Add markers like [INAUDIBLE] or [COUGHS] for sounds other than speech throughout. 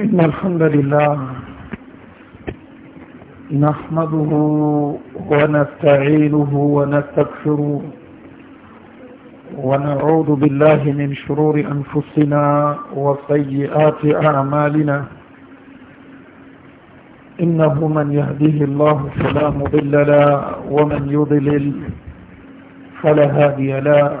إن الحمد لله نحمده ونستعينه ونستغفره ونعوذ بالله من شرور أنفسنا وسيئات أعمالنا إنه من يهديه الله فلا مضل له ومن يضلل فلا هادي له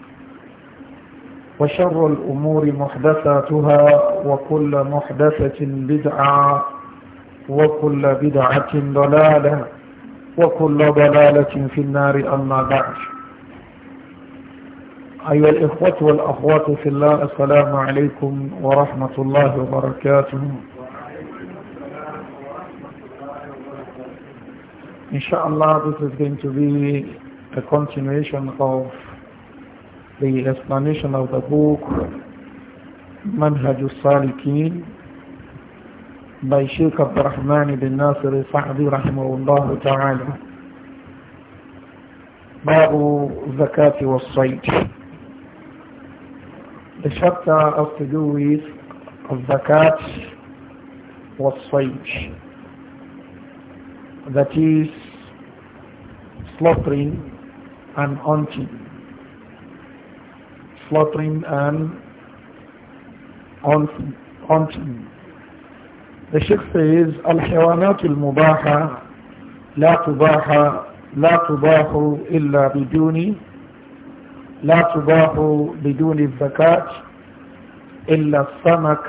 وشر الأمور محدثاتها وكل محدثة بدعة وكل بدعة ضلالة وكل ضلالة في النار أما بعد أيها الإخوة والأخوات في الله السلام عليكم ورحمة الله وبركاته إن شاء الله this is going to be a continuation of the explanation of the book منهج Salikin by Sheikh Rahman bin Nasir al-Sa'di رحمه taala, تعالى باب الزكاة والصيد The chapter has to do with الزكاة والصيد that is slaughtering and hunting slaughtering and hunting. The Sheikh says, الحيوانات المباحة لا تباح لا تباح إلا بدون لا تباح بدون الزكاة إلا السمك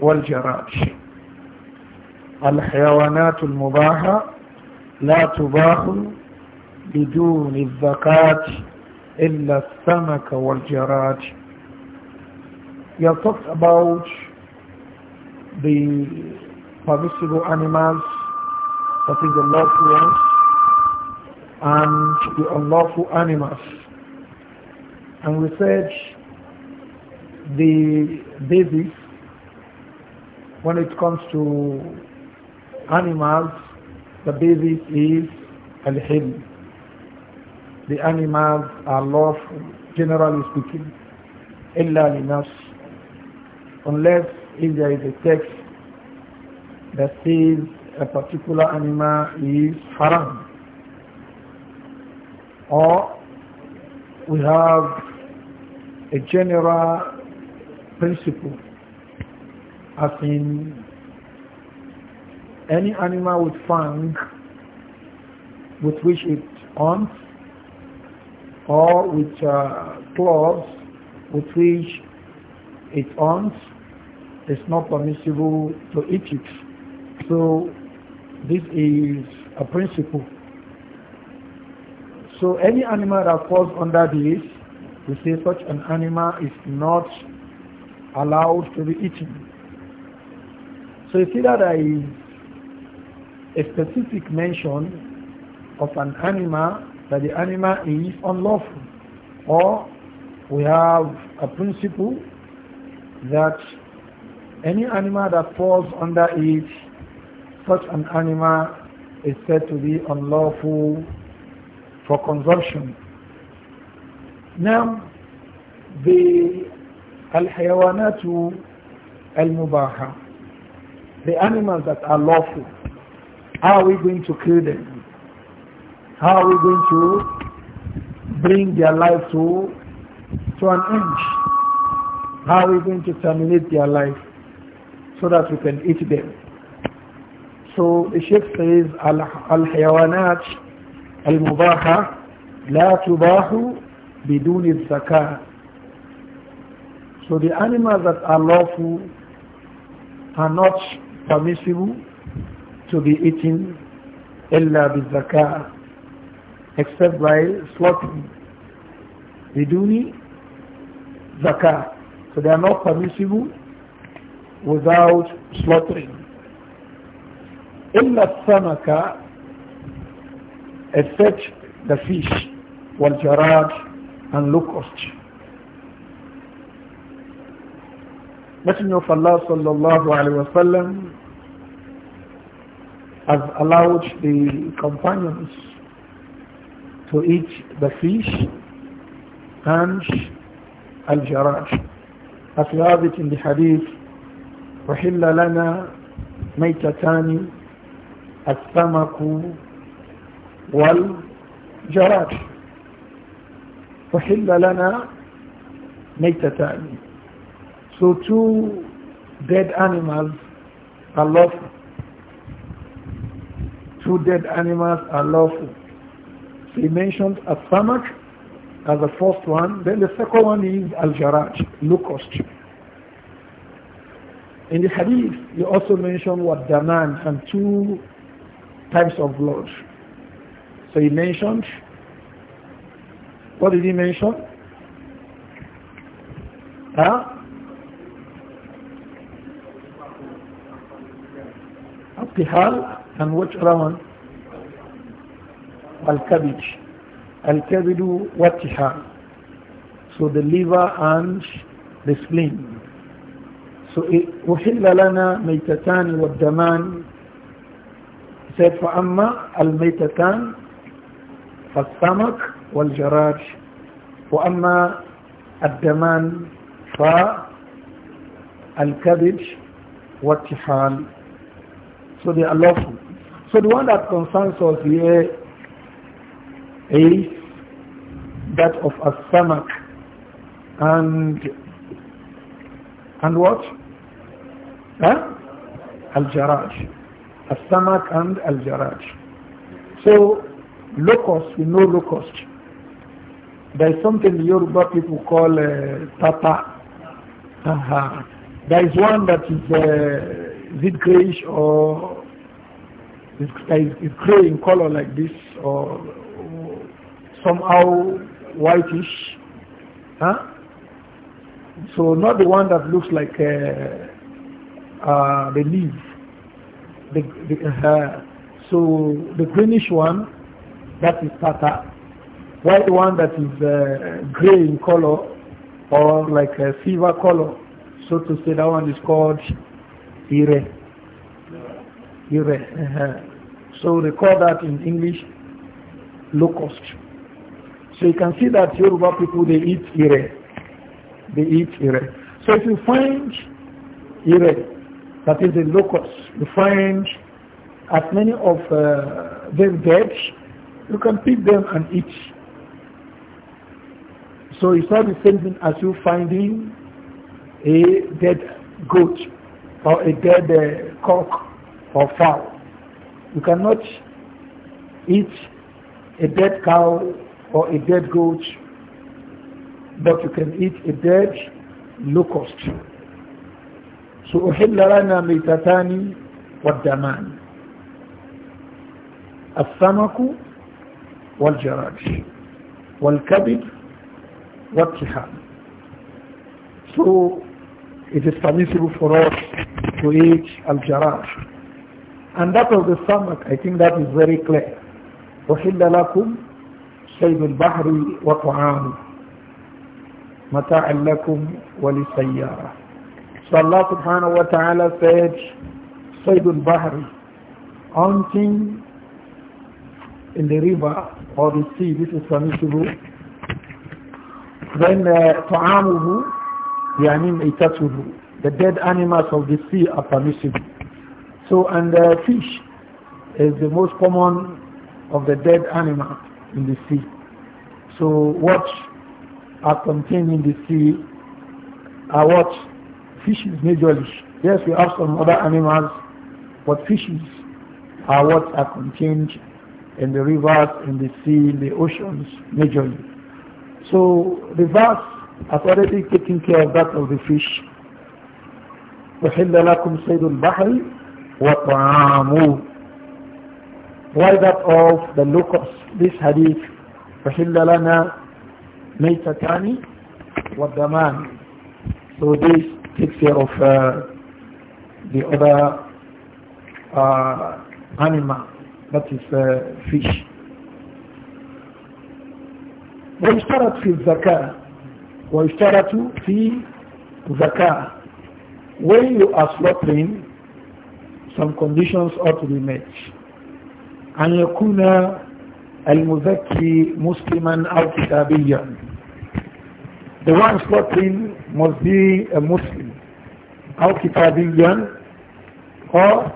والجراج الحيوانات المباحة لا تباح بدون الزكاة إلا السمك والجراج We have talked about the permissible animals, that is the lawful ones, and the unlawful animals. And we said the basis when it comes to animals, the basis is al-hilm. The animals are lawful, generally speaking, illa li nafs unless if there is a text that says a particular animal is haram or we have a general principle as in any animal with fang with which it hunts or with uh, claws with which it hunts it's not permissible to eat it. So this is a principle. So any animal that falls under this, we say such an animal is not allowed to be eaten. So you see that there is a specific mention of an animal that the animal is unlawful or we have a principle that any animal that falls under it, such an animal is said to be unlawful for consumption. Now, the al hayawanatu al-mubaha, the animals that are lawful, how are we going to kill them? How are we going to bring their life to, to an end? How are we going to terminate their life? so that we can eat them. So the Sheikh says, Al-Hayawanat Al-Mubaha La Tubahu Bidun Zakah. So the animals that are lawful are not permissible to be eaten illa bizakah except by slaughtering biduni zakah so they are not permissible without slaughtering. إلا السمكة except the fish jarad and locust. Messenger of Allah sallallahu alayhi wa sallam has allowed the companions to eat the fish and al-jarad as we have it in the hadith وحل لنا ميتتان السمك والجراد وحل لنا ميتتان So two dead animals are lawful. Two dead animals are lawful. So he mentioned a stomach as the first one. Then the second one is al-jaraj, locust. In the hadith, you also mentioned what daman and two types of blood. So he mentioned, what did he mention? Huh? Abtihal and which other one? Al-Kabij. Al-Kabidu Wattihal. So the liver and the spleen. So وحل لنا ميتتان والدمان said فأما الميتتان فالسمك والجراد وأما الدمان فالكبد والتحال So they are lawful. So the one that concerns us here is that of a stomach and and what? Al-Jaraj. as and Al-Jaraj. So, locust, we know locust. There is something the Yoruba people call uh, tata. Uh -huh. There is one that is uh, is grayish or is, is gray in color like this or somehow whitish. Huh? So not the one that looks like uh, uh, the leaf. The, the, uh, so the greenish one, that is tata. white one that is uh, gray in color or like a silver color, so to say, that one is called ire. Ire. -huh. So they call that in English locust. So you can see that Yoruba people, they eat ire. They eat ire. So if you find ire, that is the locusts. You find as many of uh, them dead, you can pick them and eat. So it's not the same thing as you finding a dead goat or a dead uh, cock or fowl. You cannot eat a dead cow or a dead goat, but you can eat a dead locust. سأحل لنا ميتتان والدمان السمك والجراج والكبد والتحام So it is permissible for us to eat al And that of the stomach, I think that is very clear. أحل لكم سيد البحر وطعام متاع لكم وللسيارة So Allah subhanahu wa ta'ala said, Sayyidul Bahri, hunting in the river or the sea, this is permissible. Then uh, ta'amuhu, uh, yanim itatuhu, the dead animals of the sea are permissible. So, and uh, fish is the most common of the dead animal in the sea. So what are contained in the sea are what fishes majorly. Yes, we have some other animals, but fishes are what are contained in the rivers, in the sea, in the oceans majorly. So the vast has already taken care of that of the fish. وَحِلَّ لَكُمْ سَيْدُ الْبَحْرِ وَطَعَامُهُ Why that of the locusts? This hadith وَحِلَّ لَنَا مَيْتَتَانِ وَالدَّمَانِ So this Take care of uh, the other uh, animal, that is uh, fish. ويشترط في الزكاة ويشترط في zakah. When you are slaughtering, some conditions ought to be met. أن يكون المزكي مسلما أو كتابيا. The one slaughtering must be a Muslim. أو كتابيا or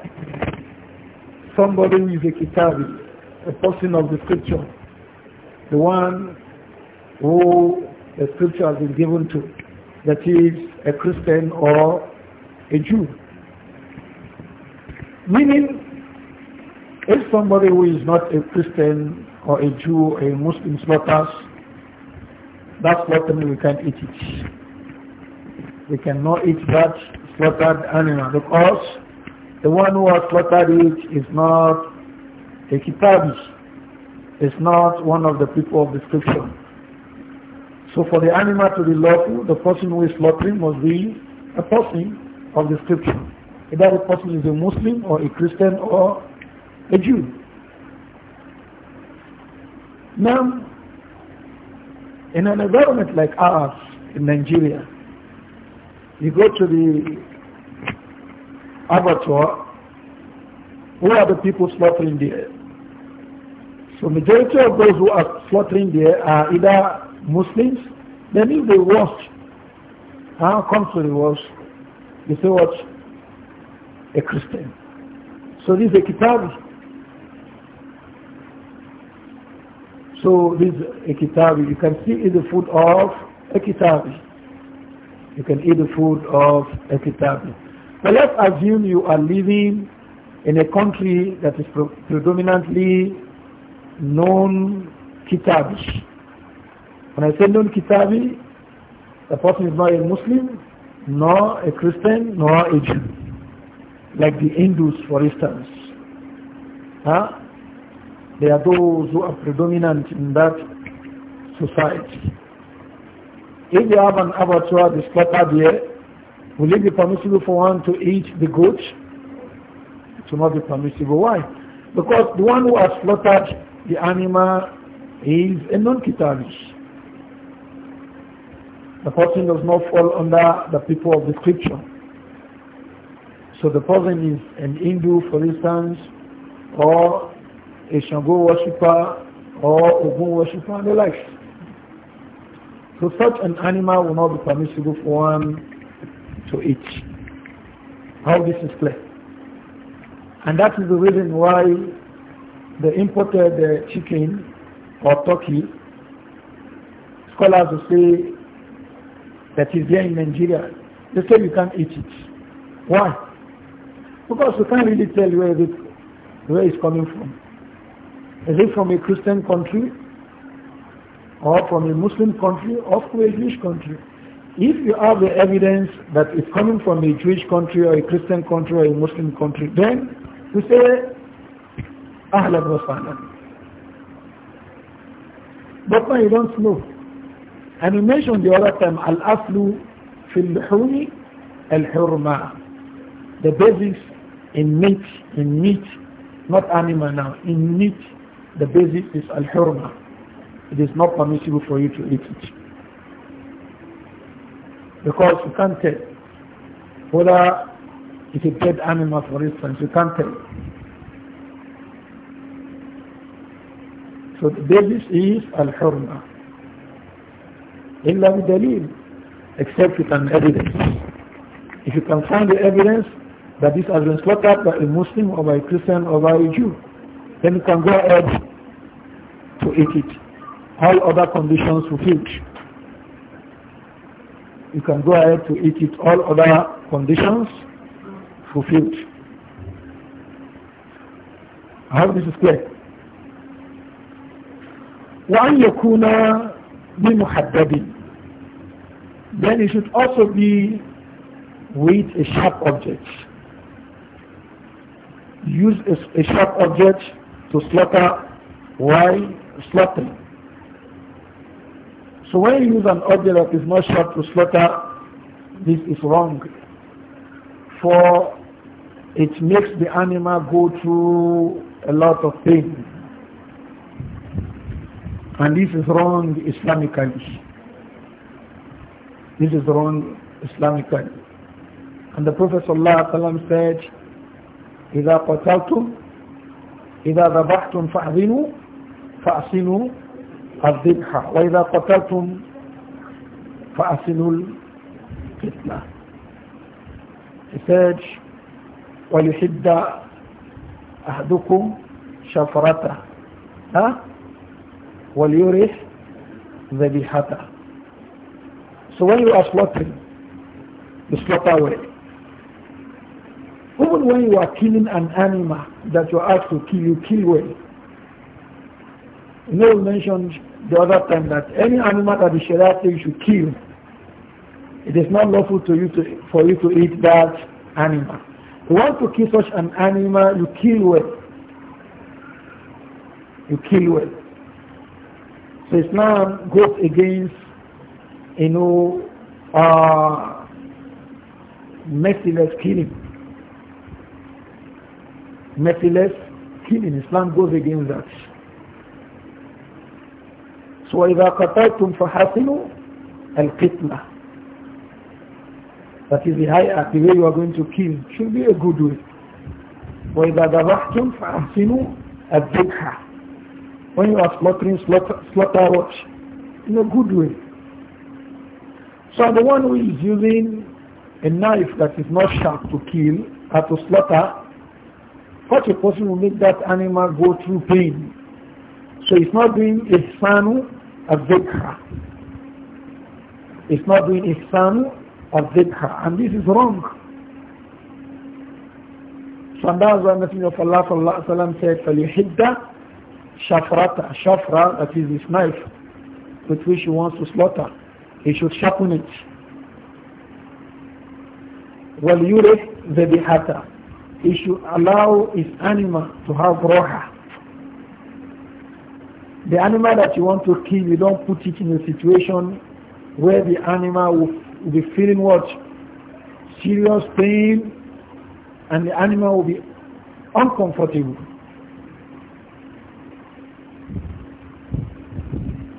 somebody who is a kitabi, a person of the scripture, the one who the scripture has been given to, that is a Christian or a Jew. Meaning, if somebody who is not a Christian or a Jew or a Muslim slaughters, that's what we can not eat it. We cannot eat that slaughtered animal because the one who has slaughtered it is not a kitabi, is not one of the people of the scripture. So for the animal to be lawful, the person who is slaughtering must be a person of the scripture. Either the person is a Muslim or a Christian or a Jew. Now, in an environment like ours in Nigeria, you go to the abattoir, who are the people slaughtering there? So majority of those who are slaughtering there are either Muslims, then if they watch, how come to the watch, they say what? A Christian. So this is a kitab. So this is a kitab. You can see it's the food of a kitab. You can eat the food of a kitabi. But let's assume you are living in a country that is predominantly non-kitabi. When I say non-kitabi, the person is not a Muslim, nor a Christian, nor a Jew. Like the Hindus, for instance. Huh? They are those who are predominant in that society. If you have an abattoir that's here, will it be permissible for one to eat the goat? It will not be permissible. Why? Because the one who has slaughtered the animal is a non-Kitanish. The person does not fall under the people of the scripture. So the person is an Hindu, for instance, or a Shango worshipper, or Ogun worshipper, and the like. So such an animal will not be permissible for one to eat. How this is clear. And that is the reason why the imported the uh, chicken or turkey, scholars will say that is there in Nigeria, they say you can't eat it. Why? Because we can't really tell where it, where it's coming from. Is it from a Christian country or from a Muslim country or from a Jewish country. If you have the evidence that it's coming from a Jewish country or a Christian country or a Muslim country, then you say, Ahlan wa sahlan. But now you don't know. And you mentioned the other time, Al-Aslu fil huni al-hurma. The basis in meat, in meat, not animal now, in meat, the basis is al-hurma it is not permissible for you to eat it. Because you can't tell whether it's a dead animal, for instance, you can't tell. So the basis is al-hurma. إلا بدليل except with an evidence. If you can find the evidence that this has been slaughtered by a Muslim or by a Christian or by a Jew, then you can go ahead to eat it all other conditions fulfilled. You can go ahead to eat it, all other conditions fulfilled. I hope this is clear. وأن يكون بمحدد then it should also be with a sharp object. Use a, a sharp object to slaughter while slaughtering. So when you use an object that is not sharp to slaughter, this is wrong. For it makes the animal go through a lot of pain. And this is wrong Islamically. This is wrong Islamically. And the Prophet ﷺ said, إذا قتلتم إذا ذبحتم فأذنوا فأصنوا الذبح وإذا قتلتم فأحسنوا الفتنة He وَلِحِدَّ أَحْدُكُمْ شَفْرَتَهُ ها وَلْيُرِحْ ذَبِحَتَهُ So when you are slaughtering, you slaughter well. Even when you are killing an animal that you are to kill, you kill well. Neil mentioned the other time that any animal that the Sharia says you should kill, it is not lawful to you to, for you to eat that animal. you want to kill such an animal, you kill well. You kill well. So Islam goes against, you know, uh, merciless killing. Merciless killing. Islam goes against that. So وَإِذَا قَتَلْتُمْ فَحَسِنُوا الْقِتْمَةِ That is the high uh, the way you are going to kill should be a good way. وَإِذَا ذَبَحْتُمْ فَحَسِنُوا الذِّبْحَةِ When you are slaughtering, slaughter, slaughter watch in a good way. So the one who is using a knife that is not sharp to kill or uh, to slaughter, such a person will make that animal go through pain. So it's not doing a sanu of dhikr. It's not doing ihsan of dhikr. And this is wrong. So and that's why Messenger of Allah sallallahu alayhi wa sallam said, فَلِحِدَّ شَفْرَةَ Shafra, that is his knife, with which he wants to slaughter. He should sharpen it. the ذَبِحَةَ He should allow his animal to have roha. The animal that you want to kill, you don't put it in a situation where the animal will be feeling what? Serious pain and the animal will be uncomfortable.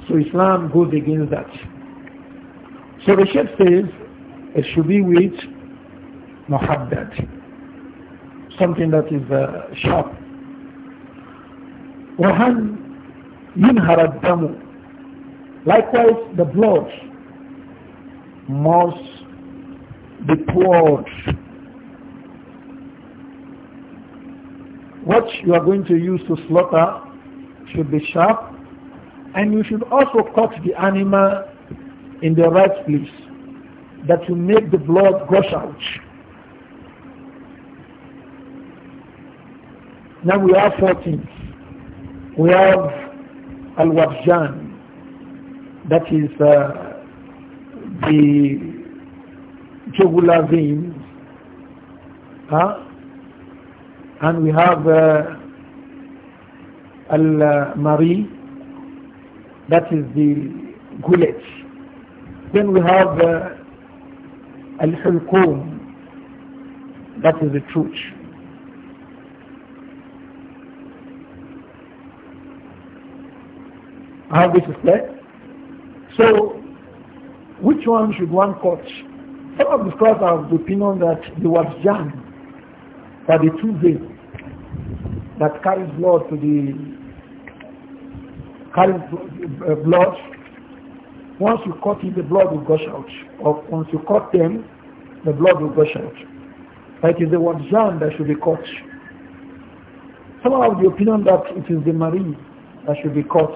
So Islam goes against that. So the Sheikh says it should be with muhaddad, something that is uh, sharp. ينهر الدم likewise the blood must be poured what you are going to use to slaughter should be sharp and you should also cut the animal in the right place that will make the blood gush out now we have four things we have Al-Warjan. Wajjan, is uh, the jugular vein, Huh? And we have uh, Al-Mari. That is the gullet. Then we have uh, Al-Hulqum. That is the truth. How this is said. So, which one should one catch? Some of the scholars have the opinion that the John that the two veil that carries blood to the carries uh, blood. Once you cut it, the blood will gush out. Or once you cut them, the blood will gush out. Like it is the John, that should be cut. Some have the opinion that it is the Marie that should be cut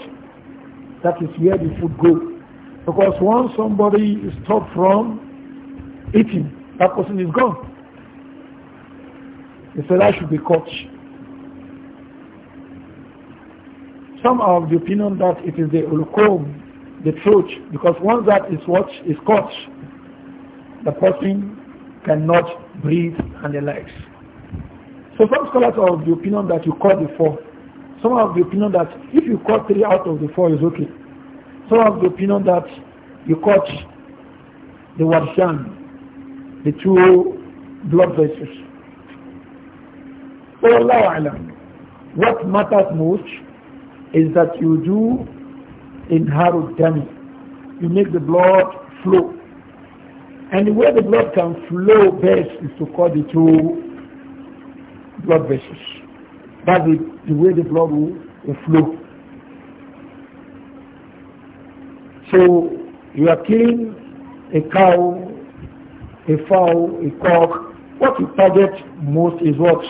that is where the food goes. Because once somebody is stopped from eating, that person is gone. The I should be caught. Some are of the opinion that it is the ulukum, the truth, because once that is what is caught, the person cannot breathe and the likes. So some scholars are of the opinion that you caught before some have the opinion that if you cut three out of the four is okay. Some have the opinion that you cut the warshan, the two blood vessels. So Allah Alam, what matters most is that you do in Harudami. You make the blood flow. And the way the blood can flow best is to cut the two blood vessels. That's the, the way the blood will, will flow. So you are killing a cow, a fowl, a cock. What you target most is what?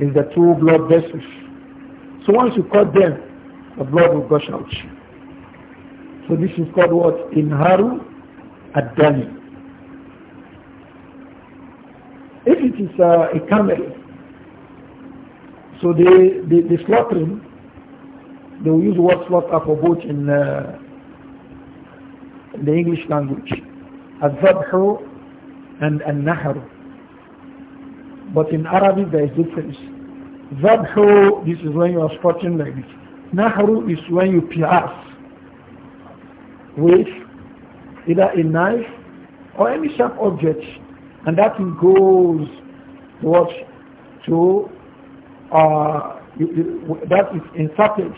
Is the two blood vessels. So once you cut them, the blood will gush out. So this is called what? Inharu Adani. If it is uh, a camel, so the, the, the slaughtering, they will use the word slaughter for both in, uh, in the English language. Al-Zabhu and Al-Nahru. But in Arabic there is difference. Zabhu, this is when you are slaughtering like this. Nahru is when you pierce with either a knife or any sharp object. And that goes towards to uh, that is inserted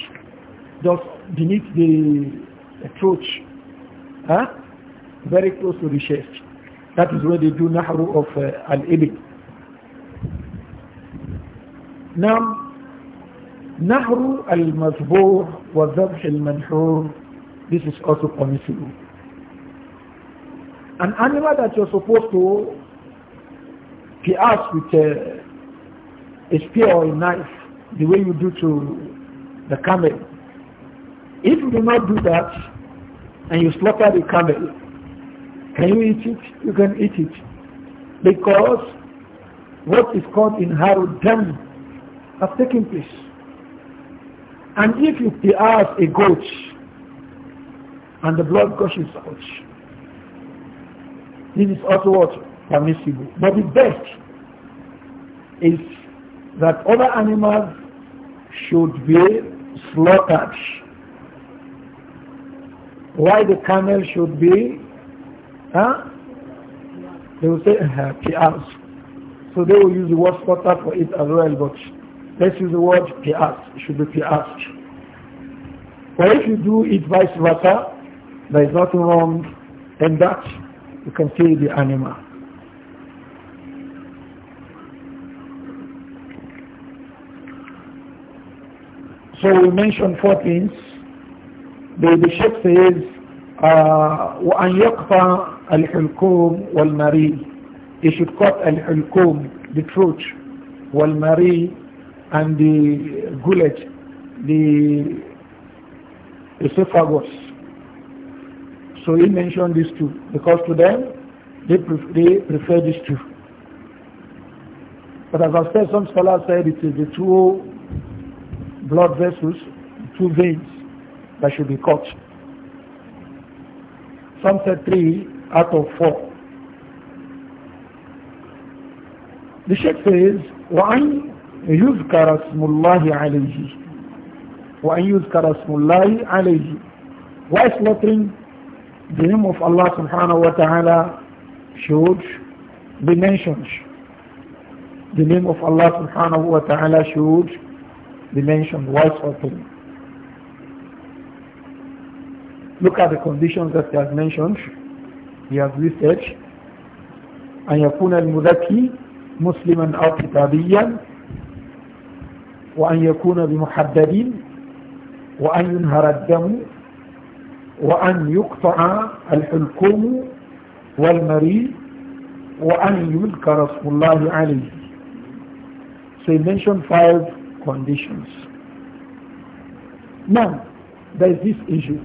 just beneath the, approach, throat, huh? very close to the chest. That is where they do nahru of uh, al ibn. Now, nahru al-mazbur wa dhabh al-manhur, this is also permissible. An animal that you're supposed to be asked with uh, a spear or a knife the way you do to the camel. If you do not do that and you slaughter the camel, can you eat it? You can eat it. Because what is called in dam has taken place. And if you pierce a goat and the blood gushes out, this is also what? Permissible. But the best is that other animals should be slaughtered. Why the camel should be? Huh? They will say, eh, Pias. So they will use the word slaughter for it as well, but let's use the word Pias. It should be Pias. But if you do it vice versa, there is nothing wrong in that. You can kill the animal. So we mentioned four things. The, the Sheikh says, وَأَنْ يَقْطَعَ الْحُلْكُومُ وَالْمَرِي He should cut al-hulkum, the throat, wal-mari, and the gullet, the esophagus. So he mentioned these two because to them they, they prefer these two. But as I said, some scholars said it is the two blood vessels, two veins that should be cut. Some said three out of four. The Sheikh says, وَأَنْ يُذْكَرَ اسْمُ اللَّهِ عَلَيْهِ وَأَنْ يُذْكَرَ اسْمُ اللَّهِ عَلَيْهِ Why slaughtering the name of Allah subhanahu wa ta'ala should be mentioned? The name of Allah subhanahu wa ta'ala should be mentioned wide open. Look at the conditions that he has mentioned. He has listed أن يكون المذكي مسلما أو كتابيا وأن يكون بمحدد وأن ينهر الدم وأن يقطع الحلقوم والمريء وأن يذكر اسم الله عليه. So he mentioned five conditions. Now, there is this issue.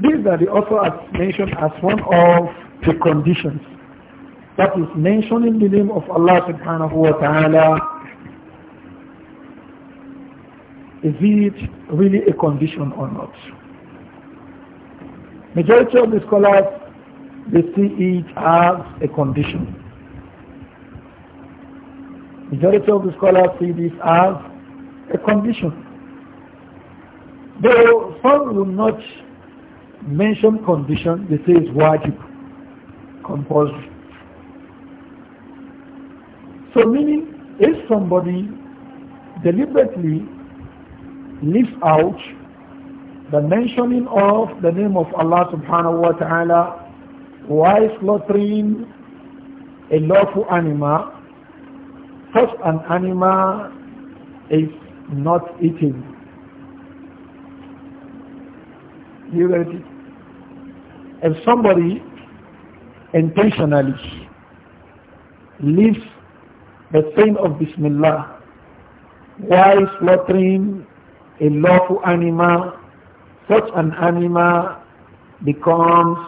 These are the author has mentioned as one of the conditions. That is mentioning the name of Allah subhanahu wa ta'ala. Is it really a condition or not? Majority of the scholars, they see it as a condition. Majority of the scholars see this as a condition. Though some will not mention condition, they say it's wajib, compulsory. So meaning, if somebody deliberately leaves out the mentioning of the name of Allah subhanahu wa ta'ala while slaughtering a lawful animal, such an animal is not eating. You get If somebody intentionally leaves the saying of Bismillah while slaughtering a lawful animal, such an animal becomes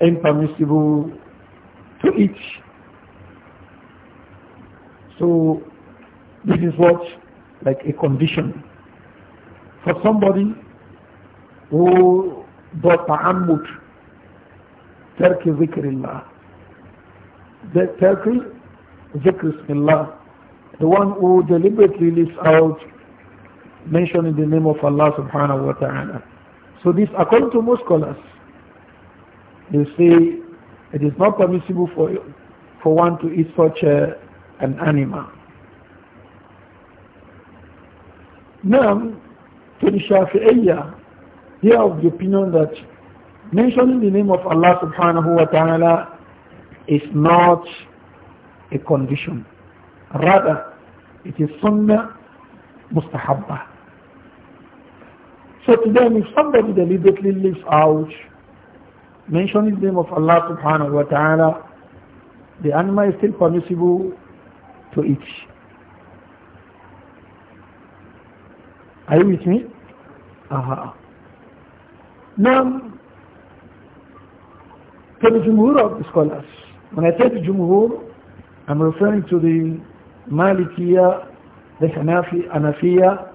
impermissible to eat. So this is what like a condition for somebody who does ta'ammud tarki zikrillah. The tarki zikrillah, the one who deliberately leaves out mentioning the name of Allah subhanahu wa ta'ala so this according to most scholars they say it is not permissible for for one to eat such a an animal. Now, to the Shafi'iyya, they are of the opinion that mentioning the name of Allah subhanahu wa ta'ala is not a condition. Rather, it is sunnah mustahabba. So to them, if somebody deliberately leaves out mentioning the name of Allah subhanahu wa ta'ala, the animal is still permissible to it. Are you with me? Aha. Now, to the Jumhur of the scholars, when I say the Jumhur, I'm referring to the Malikiya, the Hanafi, Hanafiya,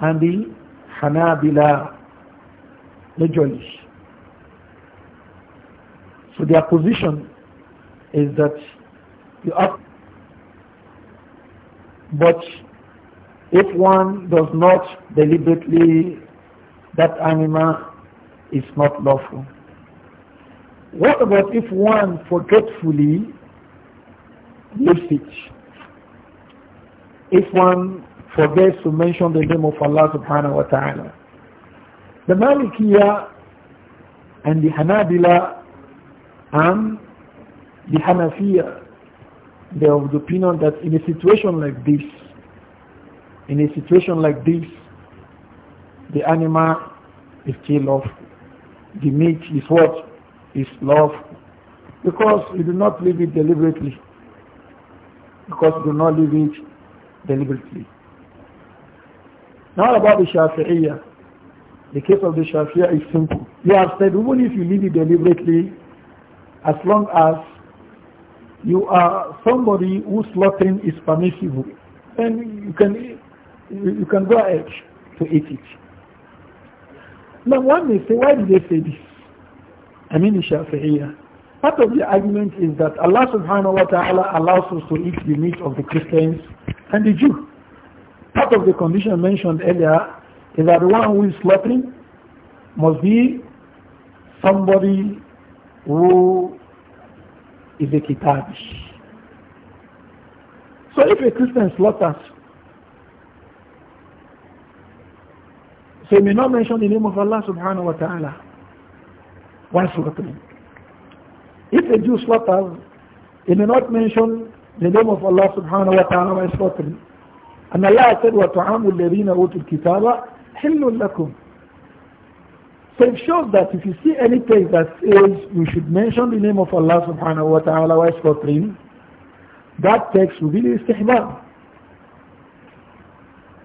and the Hanabila, the Jolish. So their position is that you are. But if one does not deliberately, that animal is not lawful. What about if one forgetfully leaves it? If one forgets to mention the name of Allah subhanahu wa ta'ala. The Malikiya and the Hanabila and the Hanafiya they are of the opinion that in a situation like this, in a situation like this, the animal is still love. The meat is what? Is love. Because you do not leave it deliberately. Because you do not leave it deliberately. Now about the Shafi'iyah. The case of the Shafi'iyah is simple. You have said even if you leave it deliberately, as long as you are somebody who slaughtering is permissible, then you can you can go ahead to eat it. Now one may say, why did they say this? I mean Shafi'iyah. Part of the argument is that Allah subhanahu wa ta'ala allows us to eat the meat of the Christians and the Jew. Part of the condition mentioned earlier is that the one who is slaughtering must be somebody who is a kitab. So if a Christian slaughters, so he may not mention the name of Allah subhanahu wa ta'ala while slaughtering. If a Jew slaughters, he may not mention the name of Allah subhanahu wa ta'ala while slaughtering. And Allah said, وَتَعَامُ الَّذِينَ أُوتُوا الْكِتَابَ حِلٌّ لَكُمْ so it shows that if you see any text that says you should mention the name of Allah subhanahu wa ta'ala while slaughtering, that text will be the istihbab.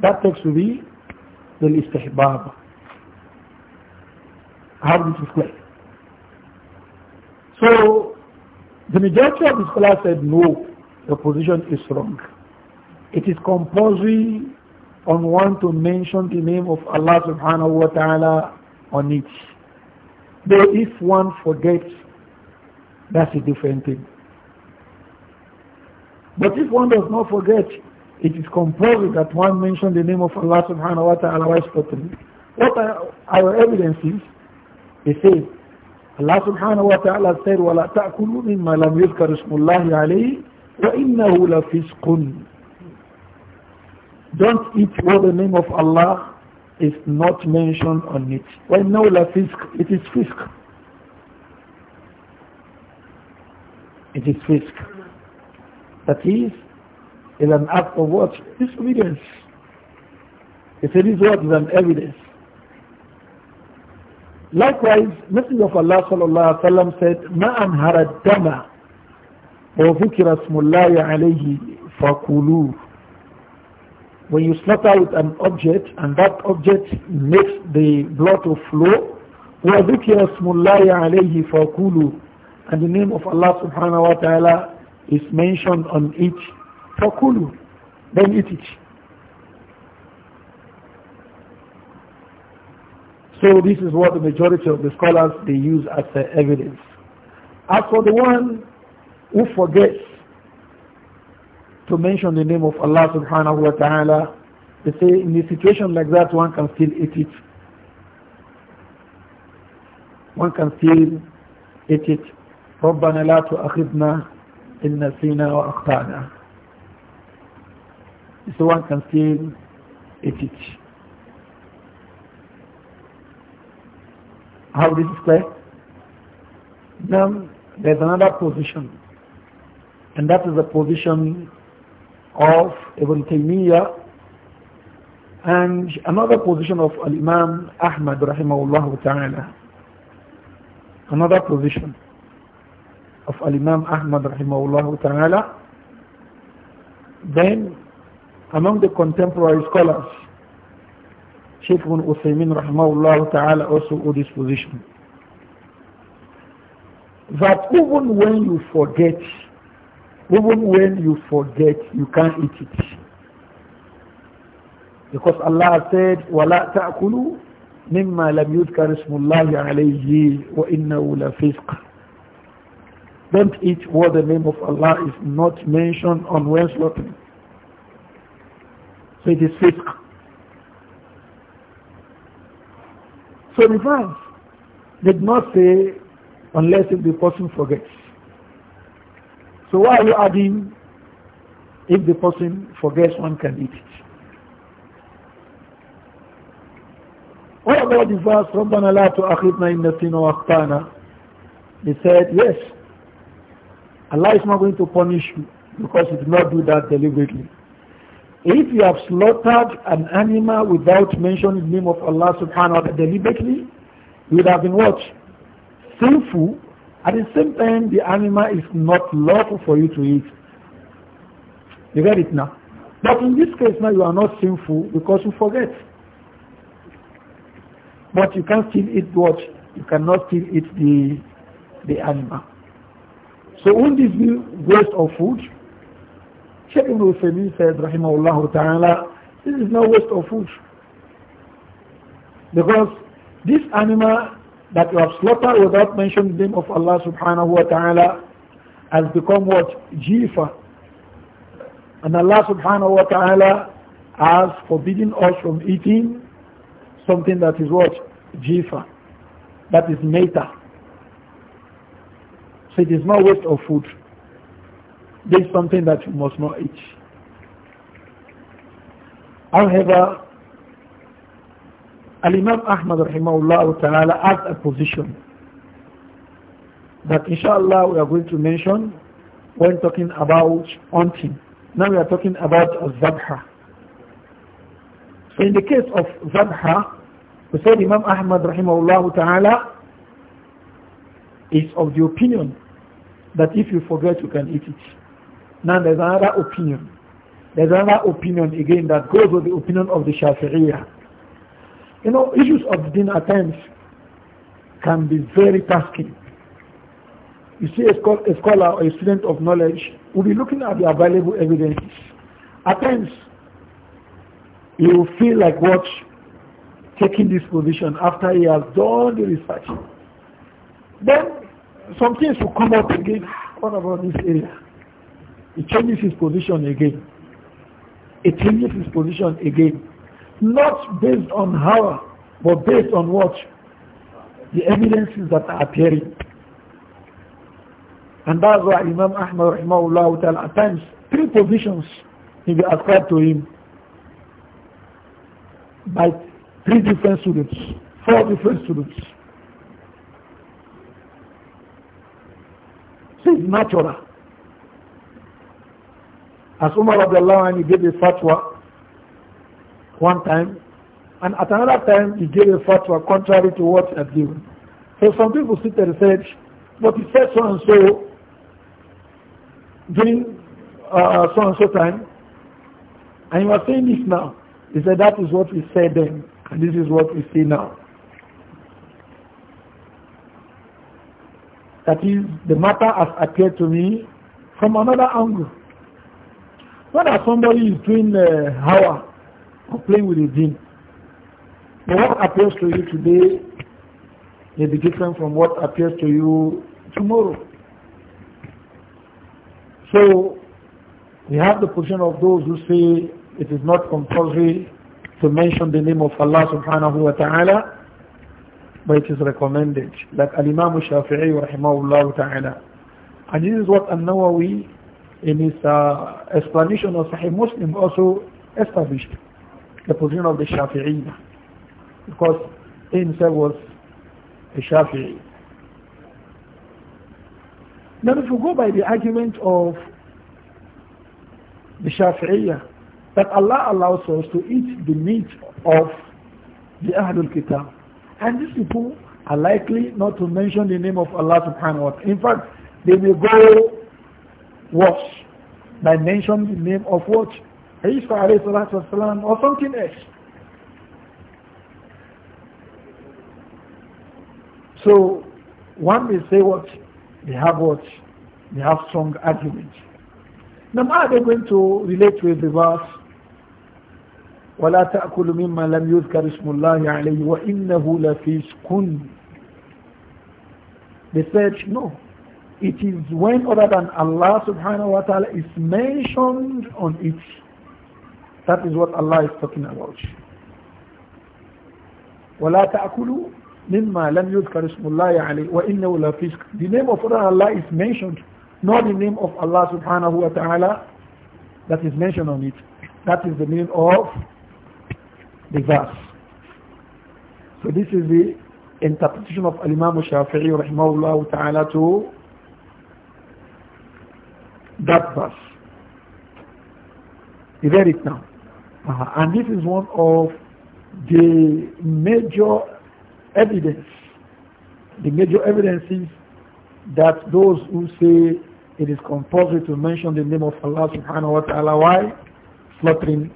That text will be the istihbab. How this is clear. So the majority of the scholars said no, the position is wrong. It is compulsory on one to mention the name of Allah subhanahu wa ta'ala on it. But if one forgets, that's a different thing. But if one does not forget, it is compulsory that one mention the name of Allah subhanahu wa ta'ala What are our evidences? They say, Allah subhanahu wa ta'ala said, وَلَا تَأْكُلُوا مِمَّا لَمْ يُذْكَرِ اسْمُ اللَّهِ عَلَيْهِ وَإِنَّهُ لَفِسْقٌ Don't eat what the name of Allah is not mentioned on it. Well, no la fisk, it is fisk. It is fisk. That is, is an act of what? Disobedience. If it is what is an evidence. Likewise, Messenger of Allah sallallahu wa wasallam said, "Ma amhara dama wa dhukira smullahi alayhi fakuluh." When you slaughter out an object and that object makes the blood to flow, وَذُكِرَ اسْمُ اللَّهِ عَلَيْهِ فَقُولُوا And the name of Allah subhanahu wa ta'ala is mentioned on it. فَقُولُوا Then eat it. So this is what the majority of the scholars they use as uh, evidence. As for the one who forgets to mention the name of Allah subhanahu wa ta'ala, they say in a situation like that one can still eat it. One can still eat it. ربنا لا تؤاخذنا إن نسينا وأخطأنا. So one can still eat it. How this is clear? Now there's another position, and that is the position of Ibn Taymiyyah and another position of imam Ahmad rahimahullah ta'ala another position of imam Ahmad rahimahullah ta'ala then among the contemporary scholars Sheikh Ibn Uthaymin rahimahullah ta'ala also owed this position that even when you forget even when you forget, you can't eat it. Because Allah said, وَلَا تَأْكُلُوا مِمَّا لَمْ يُذْكَرِ اسْمُ wa عَلَيْهِ وَإِنَّهُ لَفِسْقٌ Don't eat what the name of Allah is not mentioned on when slaughtering. So it is fisq. So the verse did not say unless the person forgets. So why are you adding if the person forgets one can eat it? What about the verse, from لَا تُؤَخِذْنَا إِنَّ سِنَا He said, yes, Allah is not going to punish you because you did not do that deliberately. If you have slaughtered an animal without mentioning the name of Allah subhanahu wa ta'ala deliberately, you would have been what? Sinful at the same time, the animal is not lawful for you to eat. You get it now? But in this case now, you are not sinful because you forget. But you can still eat what? You cannot still eat the, the animal. So when this be waste of food? Sheikh Ibn Uthaymeen said, Rahimahullah Ta'ala, this is no waste of food. Because this animal that you have slaughtered without mentioning the name of Allah subhanahu wa ta'ala has become what? Jifa. And Allah subhanahu wa ta'ala has forbidden us from eating something that is what? Jifa. That is meta. So it is not waste of food. This is something that you must not eat. However, Al-Imam Ahmad rahimahullah ta'ala has a position that inshallah we are going to mention when talking about hunting. Now we are talking about Zabha. So in the case of Zabha, we said Imam Ahmad rahimahullah ta'ala is of the opinion that if you forget you can eat it. Now there's another opinion. There's another opinion again that goes with the opinion of the Shafi'iyah you know, issues of dinner attempts can be very tasking. You see, a, scholar, a or a student of knowledge will be looking at the available evidences. At times, he will feel like what taking this position after he has done the research. Then some things will come up again. [SIGHS] What about this area? He changes his position again. He changes his position again. Not based on how, but based on what? The evidences that are appearing. And that's why Imam Ahmad rahimahullah ta'ala at times three positions he be ascribed to him by three different students, four different students. So it's natural. As Umar radiallahu anhu gave a fatwa one time, and at another time he gave a fatwa contrary to what he had given. So some people sit there and say, but he said so and so during so and so time, and you are saying this now. He said that is what we said then, and this is what we see now. That is, the matter has appeared to me from another angle. Whether somebody is doing uh, hawa playing with the deen. But what appears to you today may be different from what appears to you tomorrow. So we have the position of those who say it is not compulsory to mention the name of Allah subhanahu wa ta'ala, but it is recommended. Like Al-Imam Shafi'i rahimahullah ta'ala. And this is what An-Nawawi in his uh, explanation of Sahih Muslim also established the position of the Shafi'iyya because he himself was a Shafi'i. Now if you go by the argument of the Shafi'iyya that Allah allows us to eat the meat of the Ahlul Kitab and these people are likely not to mention the name of Allah subhanahu wa ta'ala. In fact, they will go worse by mentioning the name of what? Isa alayhi salatu wasalam or something else. So one may say what they have what they have strong arguments. Now are they going to relate with the verse ولا تأكلوا مما لم يذكر اسم الله عليه وإنه لفسق They said no. It is when other than Allah subhanahu wa ta'ala is mentioned on it. That is what Allah is talking about. وَلَا تَأْكُلُوا مِمَّا لَمْ يُذْكَرِ اسْمُ اللَّهِ عَلَيْهِ وَإِنَّهُ لَفِسْكٌ The name of Allah is mentioned, not the name of Allah subhanahu wa ta'ala that is mentioned on it. That is the meaning of the verse. So this is the interpretation of Imam Shafi'i rahimahullah ta'ala to that verse. You read it now. Uh, and this is one of the major evidence, the major evidences that those who say it is compulsory to mention the name of Allah subhanahu wa ta'ala why slaughtering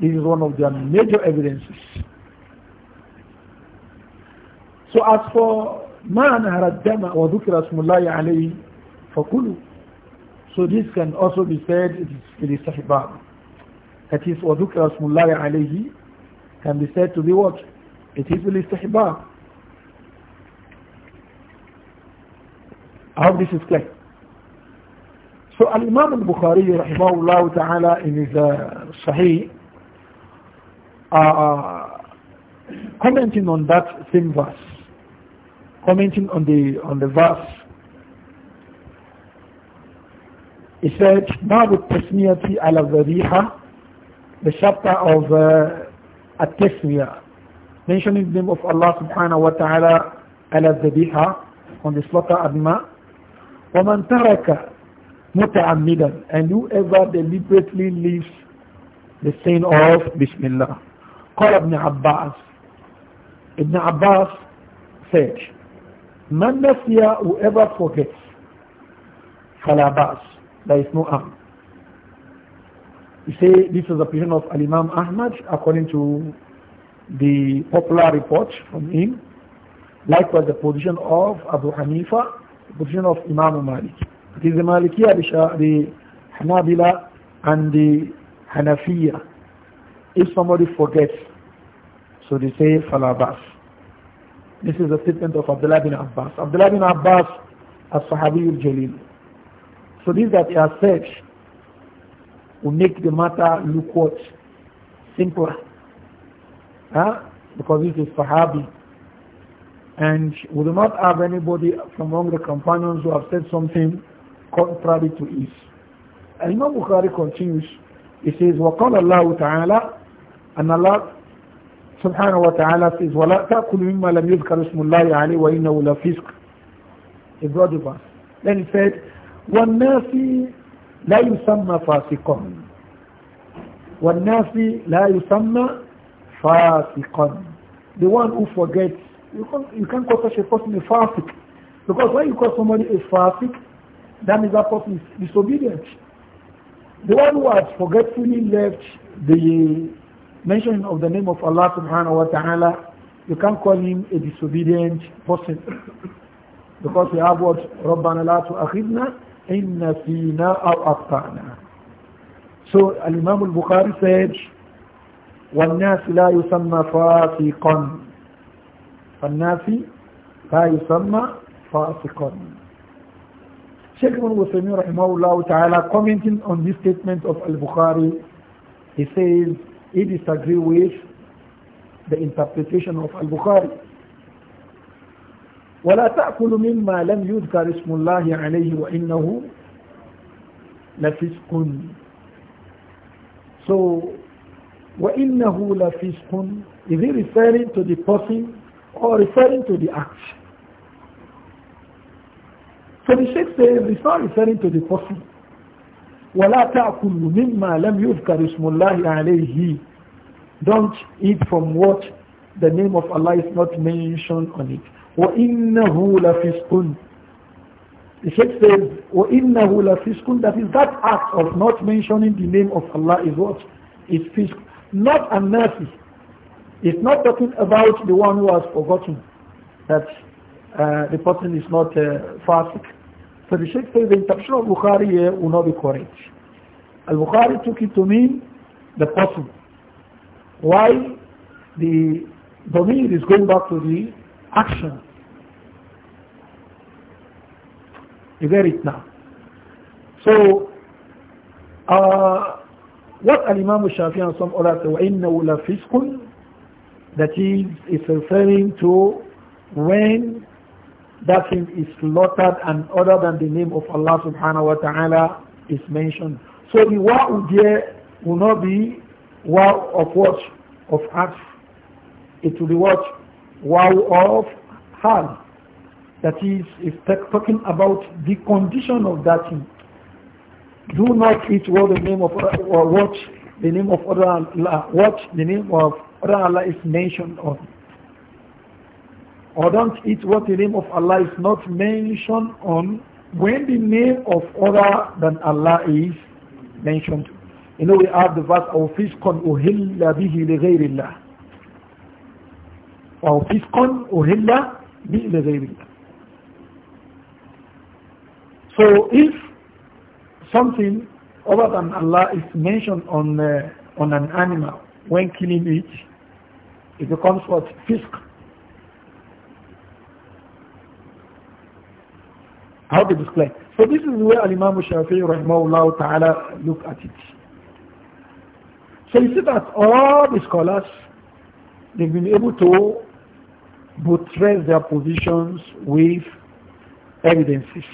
this is one of their major evidences. So as for ما نهر الدم وذكر اسم الله عليه So this can also be said it is, it is sahibah. That is, وَذُكْرَ اسْمُ اللَّهِ عَلَيْهِ can be said to be what? It the al-istihbab. I hope this is clear. So imam al-Bukhari rahimahullah ta'ala in his uh, Sahih uh, uh, commenting on that same verse commenting on the on the verse he said باب التسمية على الذبيحة the chapter of uh, At-Tasmiyah, mentioning the name of Allah subhanahu wa ta'ala ala on the slaughter adma. وَمَنْ تَرَكَ مُتَعَمِّدًا And whoever deliberately leaves the saying of Bismillah. قال ابن عباس ابن عباس said من نسي whoever forgets فلا بأس there is no harm you say this is the opinion of imam Ahmad according to the popular report from him. Likewise the position of Abu Hanifa, the position of Imam Malik. It is the Malikiya, the Hanabila and the Hanafiya. If somebody forgets, so they say Falabas. This is a statement of Abdullah bin Abbas. Abdullah bin Abbas as Sahabi al-Jalil. So this that he has said will make the matter look what? Simpler. Huh? Because this is Sahabi. And we do not have anybody from among the companions who have said something contrary to it. And Imam Bukhari continues, he says, وَقَالَ اللَّهُ تَعَالَى أن الله سبحانه وتعالى says ولا تأكل مما لم يذكر اسم الله عليه وإنه لفسق he brought the verse then he said والناس لا يسمى فاسقا والنافي لا يسمى فاسقا the one who forgets you can't, you can't call such a person a fasik because when you call somebody a fasik that means that person is disobedient the one who has forgetfully left the mentioning of the name of Allah subhanahu wa ta'ala you can't call him a disobedient person [COUGHS] because we have what رَبَّنَا لَا تُؤَخِذْنَا إن فينا أو أطعنا So Imam al-Bukhari said, والناس لا يسمى فاسقا فالناس لا يسمى فاسقا Sheikh Ibn رحمه الله تعالى commenting on this statement of al-Bukhari, he says he disagrees with the interpretation of al-Bukhari. ولا تأكل مما لم يذكر اسم الله عليه وإنه لفسق So, وَإِنَّهُ لَفِسْقٌ Is he referring to the person or referring to the act? So the Sheikh says it's not referring to the person. وَلَا تَأْكُلُ مِمَّا لَمْ يُذْكَرِ اسْمُ اللَّهِ عَلَيْهِ Don't eat from what the name of Allah is not mentioned on it. وَإِنَّهُ لَفِسْقٌ The Sheikh says, وَإِنَّهُ لَفِسْقٌ That is that act of not mentioning the name of Allah is what? Is fisk. Not a mercy. It's not talking about the one who has forgotten that uh, the person is not uh, fasik. So the Sheikh says the interpretation of Bukhari here will not be correct. Al-Bukhari took it to mean the person. Why the Domir is going back to the action. You get it now. So, uh, what Al-Imam Shafi and some others say, وَإِنَّهُ لَفِسْقٌ That is, is referring to when that thing is slaughtered and other than the name of Allah subhanahu wa ta'ala is mentioned. So the wa'u there will not be wa of what? Of acts. It will be what? wow of hal. That is, is talking about the condition of that thing. Do not eat what the name of uh, or what the name of Allah, what the name of Allah is mentioned on. Or don't eat what the name of Allah is not mentioned on when the name of other than Allah is mentioned. You know we have the verse, of fish con أُهِلَّ بِهِ لِغَيْرِ اللَّهِ أو فسق أهل بإلى غير So if something other than Allah is mentioned on uh, on an animal when killing it, it becomes what fisk. How to display? So this is where Imam Shafi'i rahimahullah ta'ala look at it. So you see that all the scholars, they've been able to buttress their positions with evidences.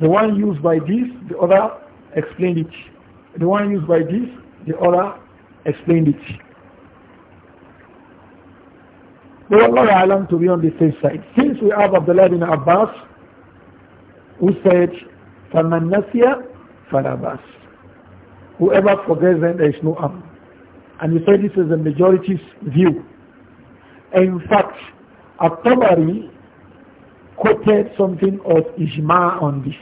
The one used by this, the other explained it. The one used by this, the other explained it. But Allah Alam to be on the safe side. Since we have Abdullah bin Abbas, who said, فَمَنْ نَسِيَ فَلَا Whoever forgets them, there is no harm. And we say this is the majority's view. In fact, At-Tabari quoted something of Ijma on this.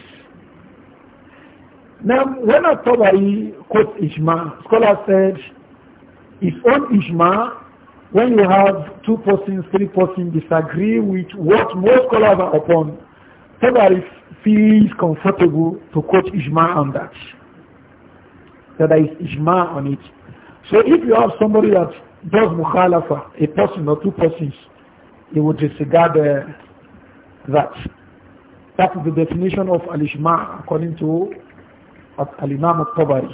Now, when At-Tabari quotes Ijma, scholars said "If on Ijma, when you have two persons, three persons disagree with what most scholars are upon, Tabari feels comfortable to quote Ijma on that. That there is Ijma on it. So if you have somebody that does mukhalafa, a person or two persons, he would disregard uh, that. That is the definition of al-ijma' according to al-imam al-tabari.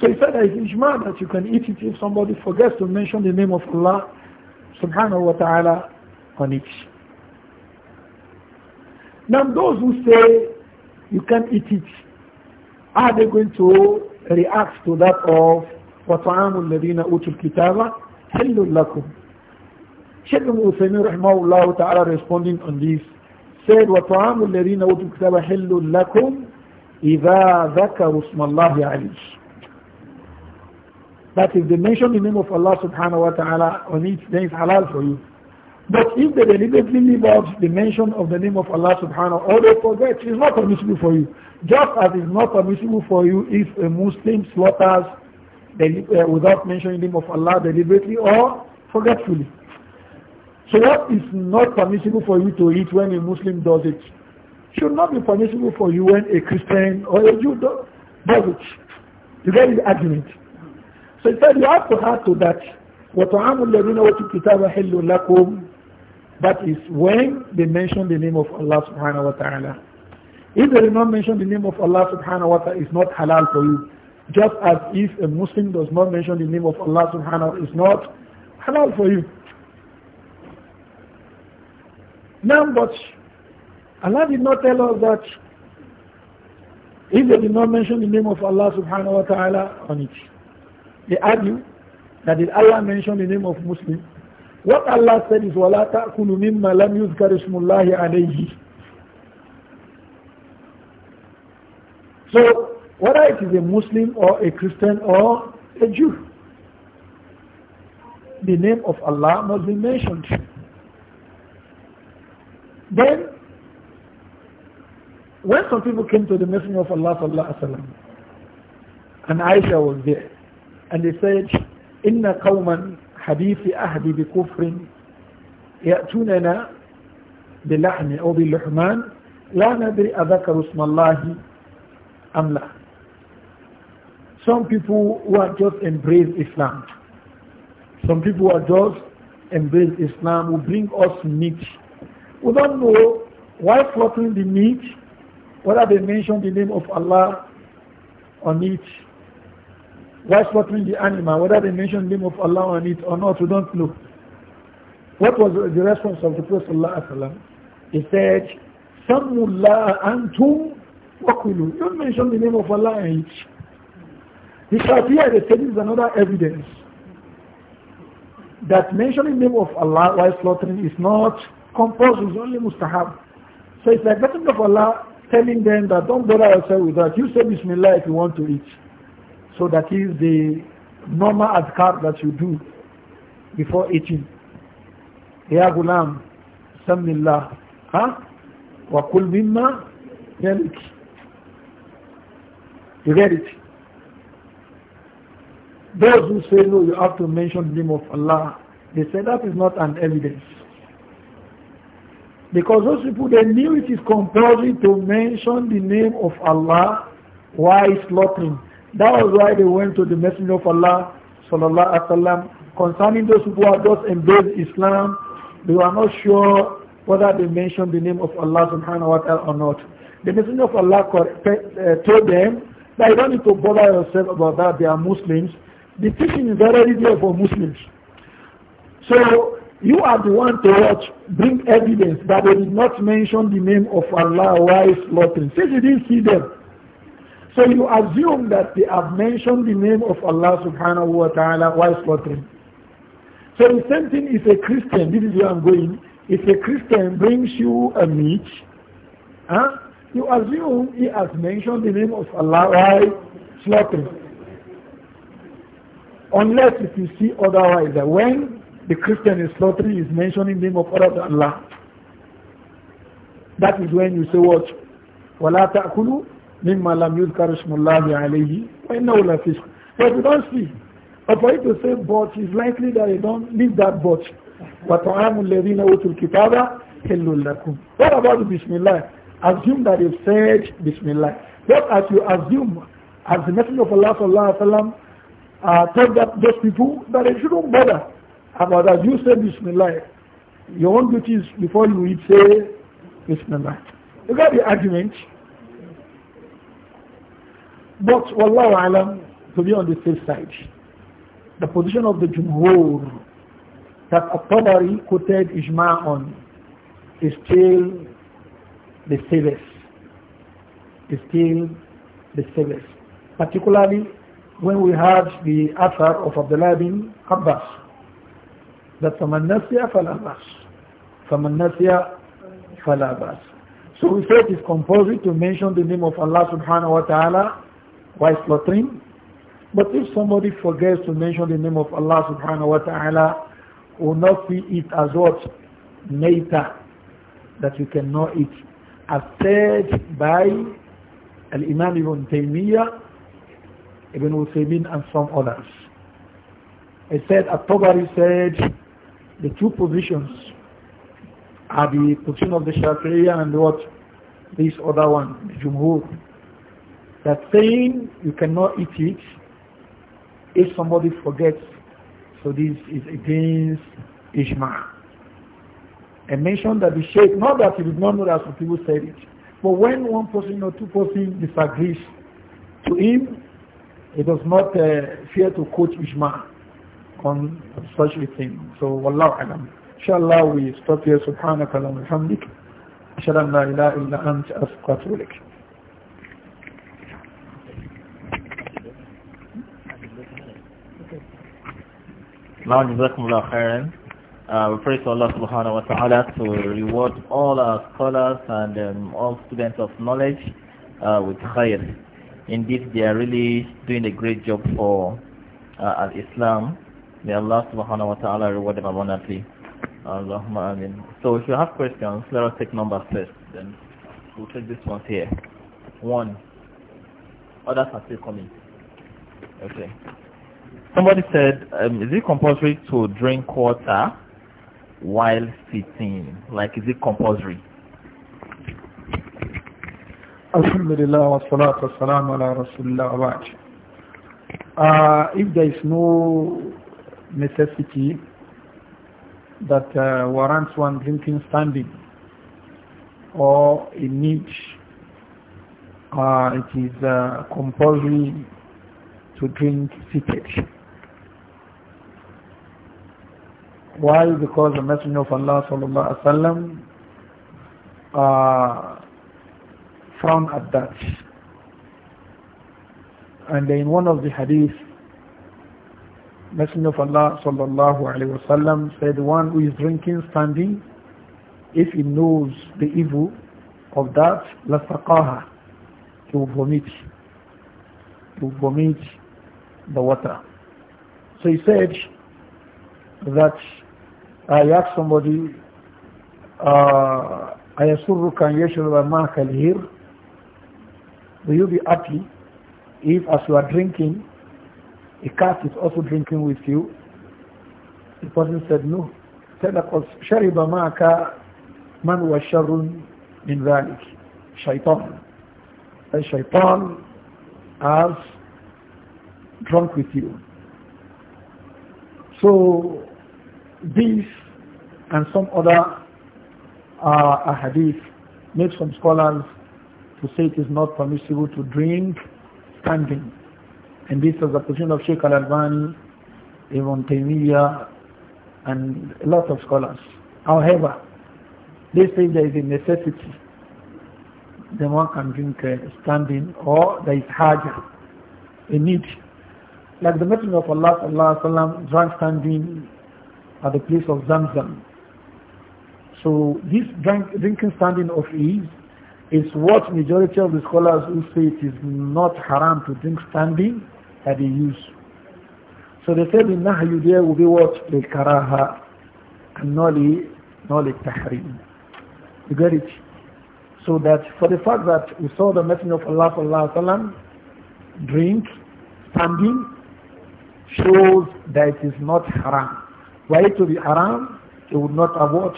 So he said that it's that you can eat it if somebody forgets to mention the name of Allah subhanahu wa ta'ala on it. Now those who say you can eat it, are they going to react to that of وطعام الذين أوتوا الكتاب حل لكم Sheikh Uthaymeen rahimahullah ta'ala responding on this said وطعام الذين أوتوا الكتاب حل لكم إذا ذكروا اسم الله عليه That if they mention the name of Allah subhanahu wa ta'ala on it, then is halal for you. But if they deliberately leave out the mention of the name of Allah subhanahu wa ta'ala, or they forget, it's not permissible for you. Just as it's not permissible for you if a Muslim slaughters uh, without mentioning the name of Allah deliberately or forgetfully. So what is not permissible for you to eat when a Muslim does it should not be permissible for you when a Christian or a Jew does it. You get the argument. So instead you have to add to that. وَطَعَامُ الَّذِينَ وَتُوا الْكِتَابَ حِلٌّ لَكُمْ That is when they mention the name of Allah subhanahu wa ta'ala. If they do not mention the name of Allah subhanahu wa ta'ala, it's not halal for you. Just as if a Muslim does not mention the name of Allah subhanahu is not halal for you. Now but Allah did not tell us that if they did not mention the name of Allah subhanahu wa ta'ala on it. They argue that did Allah mention the name of Muslim? What Allah said is وَلَا تَأْكُلُ مِمَّا لَمْ يُذْكَرِ اسْمُ اللَّهِ عَلَيْهِ So whether it is a Muslim or a Christian or a Jew. The name of Allah must be mentioned. Then, when some people came to the Messenger of Allah sallallahu and Aisha was there, and they said, إن قوما حديث أهد بكفر يأتوننا بلحم أو باللحمان لا ندري أذكر اسم الله أم some people who have just embraced Islam, some people who have just embraced Islam will bring us meat. We don't know why slaughtering the meat, whether they mention the name of Allah on it, why slaughtering the animal, whether they mention the name of Allah on it or not, we don't know. What was the response of the Prophet ﷺ? He said, "Samullah antum wakulu." You mention the name of Allah on it. Because here they saying is another evidence that mentioning the name of Allah while slaughtering is not compulsory, it's only mustahab. So it's like Messenger of Allah telling them that don't bother yourself with that. You say Bismillah if you want to eat. So that is the normal adkar that you do before eating. Ya gulam, samillah, ha? Wa kul mimma yalik. You get it? Those who say no, you have to mention the name of Allah, they say that is not an evidence. Because those people, they knew it is compulsory to mention the name of Allah while slaughtering. That was why they went to the Messenger of Allah, sallallahu alaihi wasallam, concerning those who are just embraced Islam. They were not sure whether they mentioned the name of Allah subhanahu wa ta'ala or not. The Messenger of Allah uh, told them that you don't need to bother yourself about that. They are Muslims. The teaching is already there for Muslims. So you are the one to watch, bring evidence that they did not mention the name of Allah while slaughtering. Since you didn't see them. So you assume that they have mentioned the name of Allah subhanahu wa ta'ala while slaughtering. So the same thing is a Christian, this is where I'm going. If a Christian brings you a meat, huh, you assume he has mentioned the name of Allah while slaughtering. Unless if you see otherwise, that when the Christian is slaughtering, is mentioning the name of Allah. That is when you say what? وَلَا تَأْكُلُوا مِمَّا لَمْ يُذْكَرْ اسْمُ اللَّهِ عَلَيْهِ وَإِنَّهُ لَفِسْقٌ But you don't see. But for you to say but, it's likely that you don't leave that but. وَطَعَامُ الَّذِينَ أُوتُوا الْكِتَابَ حِلٌّ لَكُمْ What about Bismillah? Assume that you've said Bismillah. Just as you assume, as the Messenger of Allah sallallahu wa wasallam uh, tell that, those people that they shouldn't bother about that. You say Bismillah. Your own duty is before you eat, say Bismillah. You got the argument. But Wallahu Alam, to be on the safe side, the position of the Jumhur that at quoted Ijma on is still the safest. Is still the safest. Particularly when we had the affair of Abdullah bin Abbas that فَمَنْ نَسْيَ فَلَا بَاسْ فَمَنْ نَسْيَ فَلَا بَاسْ So we said it's compulsory to mention the name of Allah subhanahu wa ta'ala while slaughtering. But if somebody forgets to mention the name of Allah subhanahu wa ta'ala, will not see it as what? Nata. That you can know it. As said by Al-Imam Ibn Taymiyyah, Ibn Uthaymeen and some others. I said, At-Tabari said, the two positions are the position of the Shafi'iyah and what? This other one, the Jumhur. That saying you cannot eat it if somebody forgets. So this is against Ishmael. I mentioned that the Sheikh, not that he did not know that some people said it, but when one person or two persons disagrees to him, he does not uh, fear to quote Ijma on such a thing. So, Wallahu Alam. Inshallah, we stop here. Subhanaka wa hamdik. أشهد أن لا إله إلا أنت أستغفرك Now, Jazakumullah khairan. Uh, we pray to Allah subhanahu wa ta'ala to reward all our scholars and um, all students of knowledge uh, with khair. Indeed, they are really doing a great job for uh, Islam. May Allah subhanahu wa ta'ala reward them abundantly. Allahumma So if you have questions, let us take numbers first. Then we'll take this one here. One. Others are still coming. Okay. Somebody said, um, is it compulsory to drink water while sitting? Like, is it compulsory? Alhamdulillah wa salatu wa salam ala Rasulullah wa uh, If there is no necessity that uh, warrants one drinking standing or a niche, uh, it is uh, compulsory to drink seated. Why? Because the Messenger of Allah sallallahu alaihi wasallam uh, frown at that. And in one of the hadith, Messenger of Allah sallallahu alaihi wasallam said, "One who is drinking standing, if he knows the evil of that, lastaqaha, he will vomit. He will vomit the water." So he said that I asked somebody, uh, "Ayasurruka yashraba ma'aka al-hir?" Will you be happy if as you are drinking, a cat is also drinking with you? The person said, no. تلقص شرب معك من هو شر من ذلك شيطان a shaitan has drunk with you. So this and some other uh, hadith made some scholars to say it is not permissible to drink standing. And this was the position of Sheikh Al-Albani, Ibn Taymiyyah, and a lot of scholars. However, they say there is a necessity. Then one can drink uh, standing or there is haja, a need. Like the Messenger of Allah sallallahu alaihi wasallam drank standing at the place of Zamzam. So this drink, drinking standing of ease is what majority of the scholars who say it is not haram to drink standing that they use. So they said in nahyu there will be what? The karaha and not the, not tahrim. You get it? So that for the fact that we saw the Messenger of Allah sallallahu alayhi drink standing shows that it is not haram. Why it to be haram, it would not have what?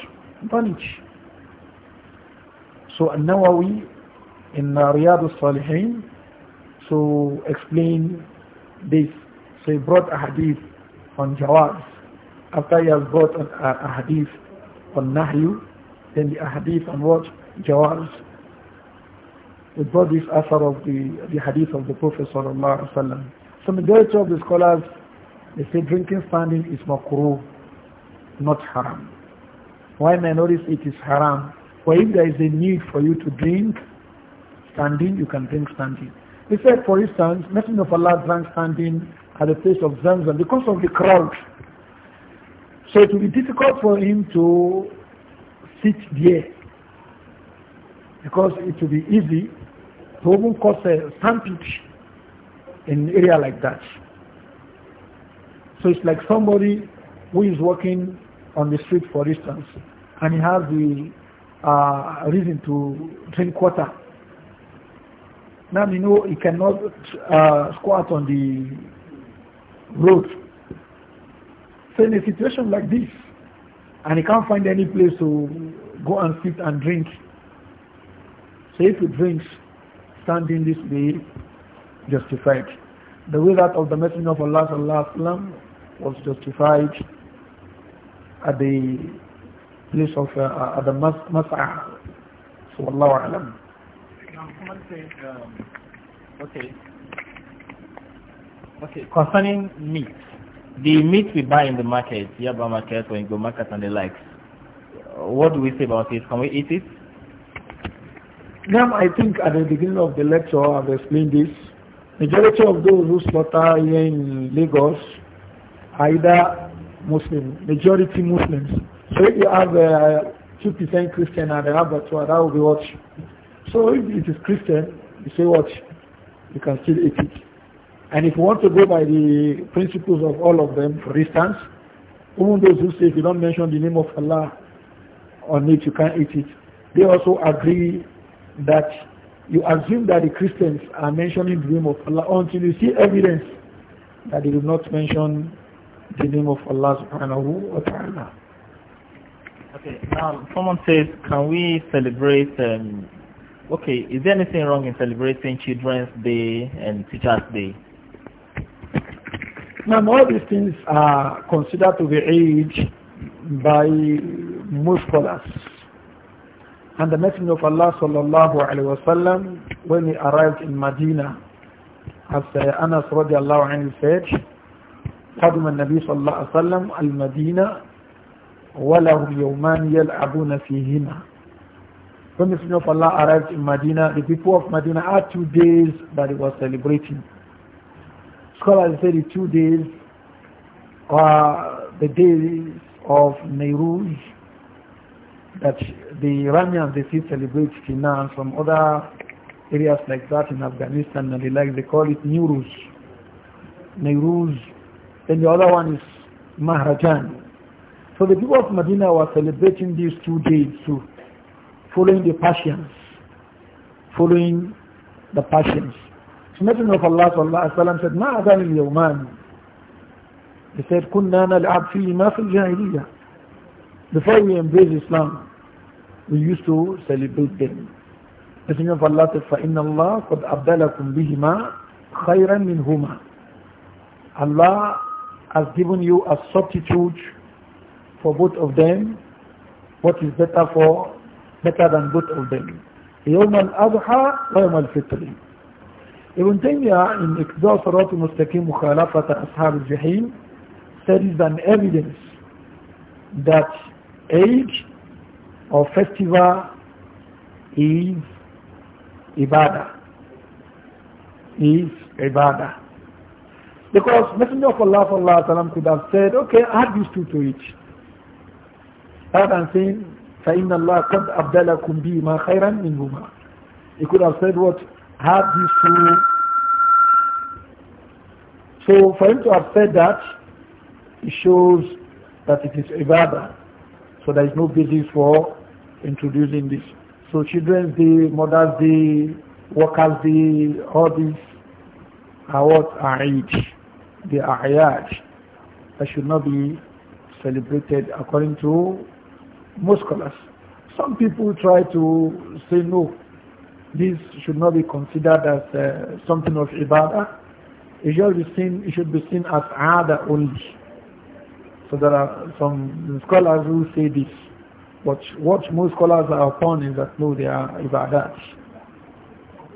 So An-Nawawi in uh, al-Salihin to explain this. So he brought a hadith on Jawaz. After he has brought an, a, a hadith on Nahyu, then the hadith on what? Jawaz. We brought this after of the, the hadith of the Prophet sallallahu alaihi wasallam. So majority of the scholars, they say drinking standing is makruh, not haram. Why minorities it is haram? For if there is a need for you to drink standing, you can drink standing. He said, for instance, Messenger of Allah drank standing at the place of Zanzan because of the crowd. So it will be difficult for him to sit there because it will be easy to even cause a stampede in an area like that. So it's like somebody who is walking on the street, for instance, and he has the uh, reason to drink water. Now you know he cannot uh, squat on the road. So in a situation like this, and he can't find any place to go and sit and drink. So if he drinks, standing this way, justified. The way that of the Messenger of Allah was justified at the place of uh, uh the Mas'ah. So Allah Alam. Um, okay. Okay. Concerning meat, the meat we buy in the market, Yaba market or go market and the likes, what do we say about it? Can we eat it? Now, I think at the beginning of the lecture, I've explained this. Majority of those who slaughter here in Lagos are either Muslim, majority Muslims if you have 2% uh, Christian and they have two, that will be watch. So if it is Christian, you say what? You can still eat it. And if you want to go by the principles of all of them, for instance, even those who say if you don't mention the name of Allah on it, you can't eat it, they also agree that you assume that the Christians are mentioning the name of Allah until you see evidence that they do not mention the name of Allah subhanahu wa ta'ala. Okay, um. someone says, can we celebrate, um, okay, is there anything wrong in celebrating Children's Day and Teacher's Day? Now, all these things are considered to be age by most scholars. And the Messenger of Allah sallallahu wa when he arrived in Medina, as uh, Anas radiallahu anhu said, قدم النبي صلى الله عليه وسلم المدينة وَلَهُمْ يَوْمَانِ يَلْعَبُونَ فِيهِمَا When the Messenger of Allah arrived in Medina, the people of Medina had two days that it was celebrating. Scholars say the two days are the days of Nehruj that the Iranians they still celebrate Tina and some other areas like that in Afghanistan and they like they call it Nuruz. Nehruj. Then the other one is Mahrajan. So the people of Medina were celebrating these two days too, following the passions, following the passions. So Messenger of Allah sallallahu said, "ما أذان اليومان." He said, "كنا نلعب فيه ما في الجاهلية." Before we embraced Islam, we used to celebrate them. Messenger of Allah said, فَإِنَّ اللَّهَ قَدْ أَبْدَلَكُمْ بِهِمَا خَيْرًا مِنْهُمَا Allah has given you a substitute for both of them, what is better for better than both of them. يوم الأضحى ويوم الفطر ابن تيمية in إقضاء صراط المستقيم مخالفة أصحاب الجحيم said is an evidence that age or festival is ibadah is ibadah because messenger of Allah sallallahu alaihi wasallam could have said okay add these two to it Rather than saying, فَإِنَّ اللَّهَ قَدْ أَبْدَلَكُمْ بِهِمَا خَيْرًا مِنْهُمَا He could have said what? Have these two. So for him to have said that, it shows that it is ibadah. So there is no basis for introducing this. So Children's Day, Mother's Day, Workers' Day, all these are what are Eid. They are Ayaj. That should not be celebrated according to most scholars. Some people try to say no, this should not be considered as uh, something of ibadah. It should be seen, it should be seen as ada only. So there are some scholars who say this. But what most scholars are upon is that no, they are ibadat.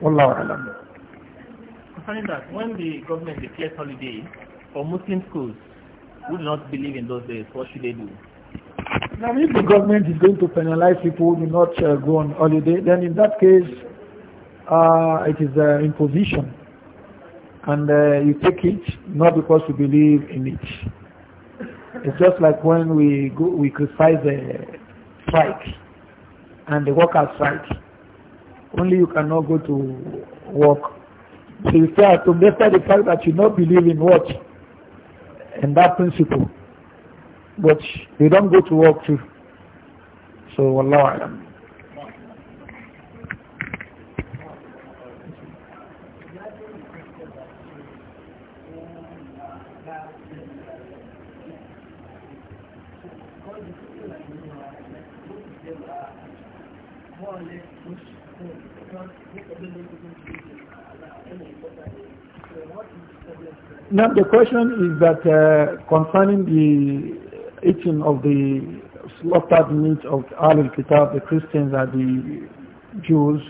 Wallahu alam. Concerning that, when the government declares holiday for Muslim schools who do not believe in those days, what should they do? Now, if the government is going to penalize people who do not uh, go on holiday, then in that case, uh, it is uh, imposition. And uh, you take it not because you believe in it. It's just like when we go, we criticize the strike and the workers strike. Only you cannot go to work. So you stay to home the fact that you not believe in what? In that principle but they don't go to work too. So, Wallahu Alam. Now the question is that uh, concerning the eating of the slaughtered meat of Al Kitab, the Christians and the Jews,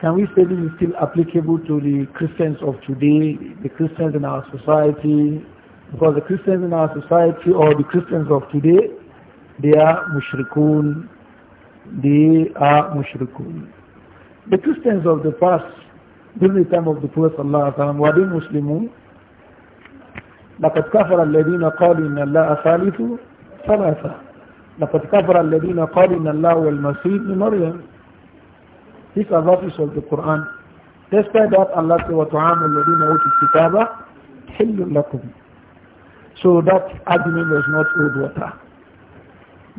can we say this is still applicable to the Christians of today, the Christians in our society? Because the Christians in our society or the Christians of today, they are mushrikun, they are mushrikun. The Christians of the past, during the time of the Prophet ﷺ, were they Muslimun? لقد كفر الذين قالوا إن الله ثالث ثلاثة لقد كفر الذين قالوا إن الله والمسيح ابن مريم These are verses of the Quran. Despite that, Allah said, وَطُعَامُ الَّذِينَ أُوتُوا الْكِتَابَ حِلٌّ لَكُمْ So that argument was not old water.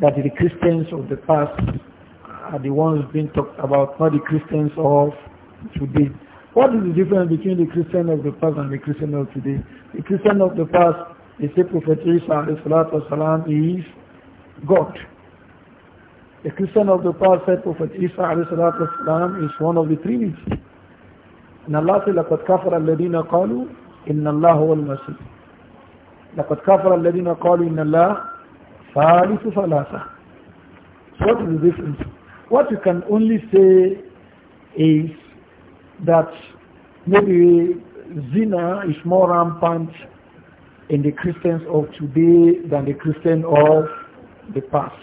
That the Christians of the past are the ones being talked about, not the Christians of today. What is the difference between the Christian of the past and the Christian of today? The Christian of the past they say Prophet Isa والسلام, is God. A Christian of the past said Prophet Isa والسلام, is one of the Trinity. And Allah said, لَقَدْ كَفَرَ الَّذِينَ قَالُوا إِنَّ اللَّهَ هُوَ الْمَسِيحِ لَقَدْ كَفَرَ الَّذِينَ قَالُوا إِنَّ اللَّهَ ثَالِثُ ثَلَاثَةٍ So what is the difference? What you can only say is that maybe zina is more rampant in the Christians of today than the Christian of the past.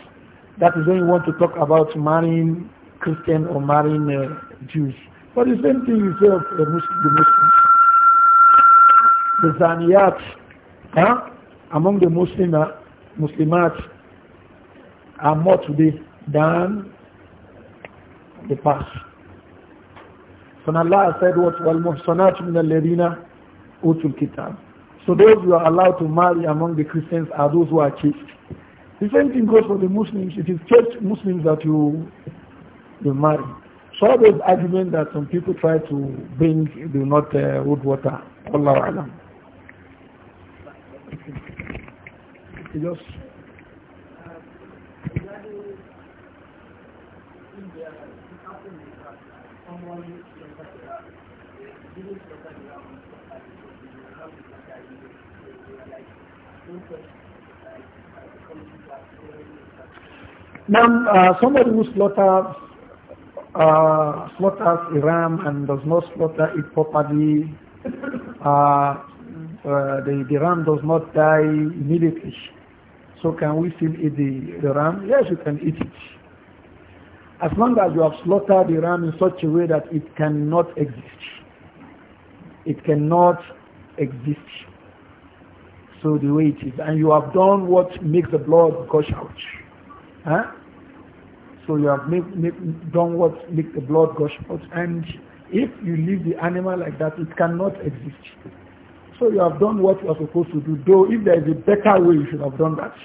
That is when you want to talk about marrying Christian or marrying uh, Jews. But the same thing is of uh, Muslim, the Muslims. The Zaniyat huh? among the Muslim, uh, Muslimat are more today than the past. So Allah said what? وَالْمُحْصَنَاتُ مِنَ الَّذِينَ أُوتُوا Kitab?" So those who are allowed to marry among the Christians are those who are chaste. The same thing goes for the Muslims. It is chaste Muslims that you, you marry. So all those arguments that some people try to bring do not uh, hold water. Allah Alam. Just Now, uh, somebody who slaughters, uh, slaughters a ram and does not slaughter it properly, uh, uh, the, the ram does not die immediately. So can we still eat the, the ram? Yes, you can eat it. As long as you have slaughtered the ram in such a way that it cannot exist. It cannot exist. So the way it is. And you have done what makes the blood gush out. Huh? So you have make, make, done what make the blood gush out. And if you leave the animal like that, it cannot exist. So you have done what you are supposed to do. Though if there is a better way, you should have done that.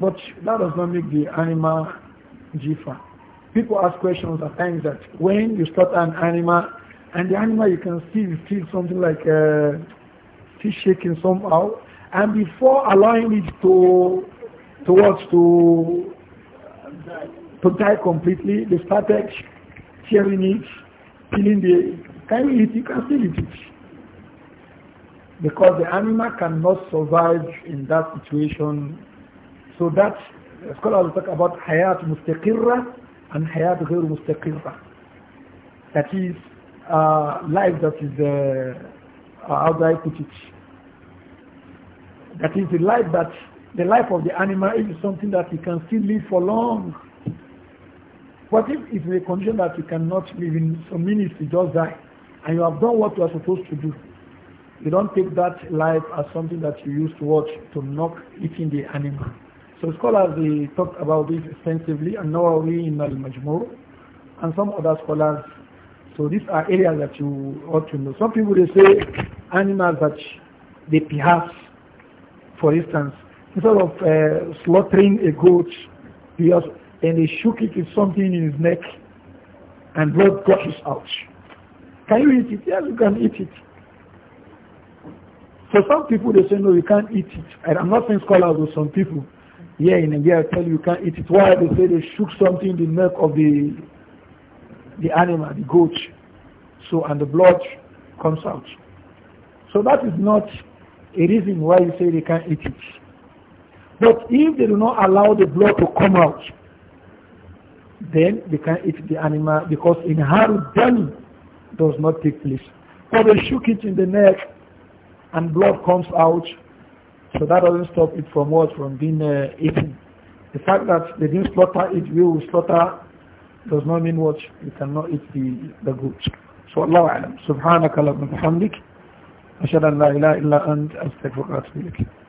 But that does not make the animal jifa. People ask questions at times that when you start an animal, and the animal you can see feel something like uh, still shaking somehow, and before allowing it to Towards To, to die completely. They started tearing it, killing the, can you eat? You can still eat it. Because the animal cannot survive in that situation. So that, scholars talk about hayat mustaqirra and hayat ghir mustaqirra. That is uh, life that is, uh, how do I put it? That is the life that the life of the animal is something that you can still live for long. But if it's a condition that you cannot live in some minutes, you just die, and you have done what you are supposed to do, you don't take that life as something that you use to watch to knock eating the animal. So scholars they talked about this extensively, and now we in Al-Majmur, and some other scholars. So these are areas that you ought to know. Some people they say animals that they perhaps, for instance, instead of uh, slaughtering a goat, he has, and he shook it with something in his neck, and blood gushes out. Can you eat it? Yes, you can eat it. So some people they say no, you can't eat it. And I'm not saying scholars but some people here in India tell you you can't eat it. Why they say they shook something in the neck of the the animal, the goat. So and the blood comes out. So that is not a reason why you say they can't eat it. But if they do not allow the blood to come out, then they can eat the animal because in inharu dam does not take place. But they shook it in the neck and blood comes out. So that doesn't stop it from what? From being uh, eaten. The fact that they didn't slaughter it, we will slaughter, does not mean what? You cannot eat the, the goat. So Allah Alam. Subhanaka Allahumma bihamdik. أشهد أن لا إله إلا أنت أستغفرك وأتوب إليك